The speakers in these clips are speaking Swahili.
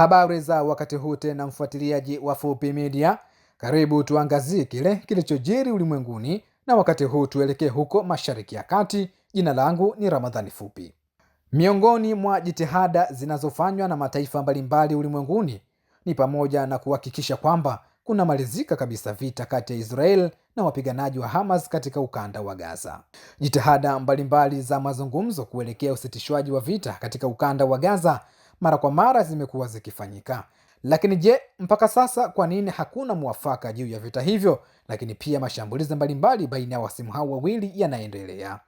Habari za wakati huu tena, mfuatiliaji wa Fupi Media, karibu tuangazie kile kilichojiri ulimwenguni, na wakati huu tuelekee huko Mashariki ya Kati. Jina langu ni Ramadhani Fupi. Miongoni mwa jitihada zinazofanywa na mataifa mbalimbali ulimwenguni ni pamoja na kuhakikisha kwamba kunamalizika kabisa vita kati ya Israel na wapiganaji wa Hamas katika ukanda wa Gaza. Jitihada mbalimbali za mazungumzo kuelekea usitishwaji wa vita katika ukanda wa Gaza mara kwa mara zimekuwa zikifanyika. Lakini je, mpaka sasa kwa nini hakuna mwafaka juu ya vita hivyo? Lakini pia mashambulizi mbalimbali baina ya wasimu hao wawili yanaendelea.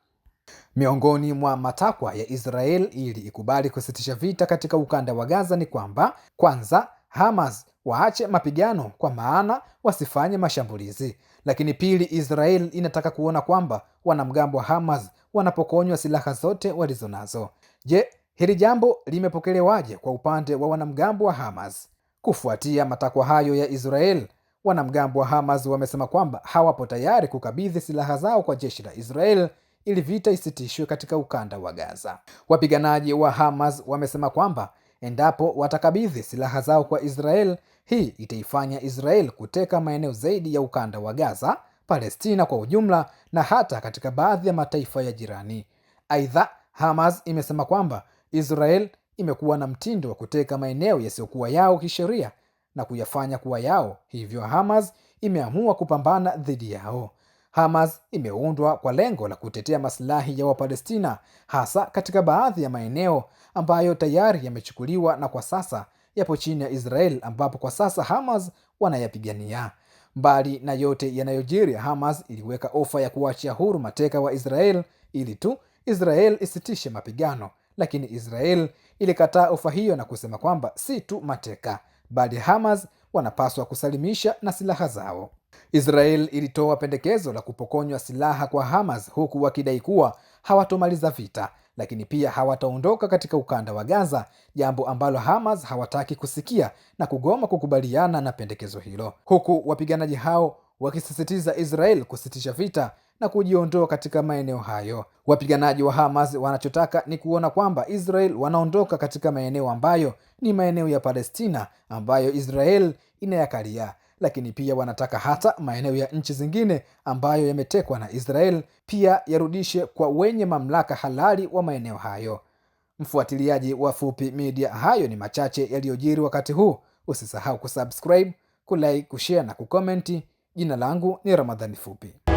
Miongoni mwa matakwa ya Israel ili ikubali kusitisha vita katika ukanda wa Gaza ni kwamba kwanza, Hamas waache mapigano kwa maana wasifanye mashambulizi. Lakini pili, Israel inataka kuona kwamba wanamgambo wa Hamas wanapokonywa silaha zote walizo nazo Je, Hili jambo limepokelewaje kwa upande wa wanamgambo wa Hamas? Kufuatia matakwa hayo ya Israel, wanamgambo wa Hamas wamesema kwamba hawapo tayari kukabidhi silaha zao kwa jeshi la Israel ili vita isitishwe katika ukanda wa Gaza. Wapiganaji wa Hamas wamesema kwamba endapo watakabidhi silaha zao kwa Israel, hii itaifanya Israel kuteka maeneo zaidi ya ukanda wa Gaza, Palestina kwa ujumla na hata katika baadhi ya mataifa ya jirani. Aidha, Hamas imesema kwamba Israel imekuwa na mtindo wa kuteka maeneo yasiyokuwa yao kisheria na kuyafanya kuwa yao, hivyo Hamas imeamua kupambana dhidi yao. Hamas imeundwa kwa lengo la kutetea masilahi ya Wapalestina, hasa katika baadhi ya maeneo ambayo tayari yamechukuliwa na kwa sasa yapo chini ya Israel, ambapo kwa sasa Hamas wanayapigania. Mbali na yote yanayojiri, Hamas iliweka ofa ya kuachia huru mateka wa Israel ili tu Israel isitishe mapigano lakini Israel ilikataa ofa hiyo na kusema kwamba si tu mateka bali Hamas wanapaswa kusalimisha na silaha zao. Israel ilitoa pendekezo la kupokonywa silaha kwa Hamas huku wakidai kuwa hawatomaliza vita, lakini pia hawataondoka katika ukanda wa Gaza, jambo ambalo Hamas hawataki kusikia na kugoma kukubaliana na pendekezo hilo, huku wapiganaji hao wakisisitiza Israel kusitisha vita na kujiondoa katika maeneo hayo. Wapiganaji wa Hamas wanachotaka ni kuona kwamba Israel wanaondoka katika maeneo ambayo ni maeneo ya Palestina ambayo Israel inayakalia, lakini pia wanataka hata maeneo ya nchi zingine ambayo yametekwa na Israel pia yarudishe kwa wenye mamlaka halali wa maeneo hayo. Mfuatiliaji wa Fupi Media, hayo ni machache yaliyojiri wakati huu. Usisahau kusubscribe, kulike, kushare na kukomenti. Jina langu ni Ramadhani Fupi.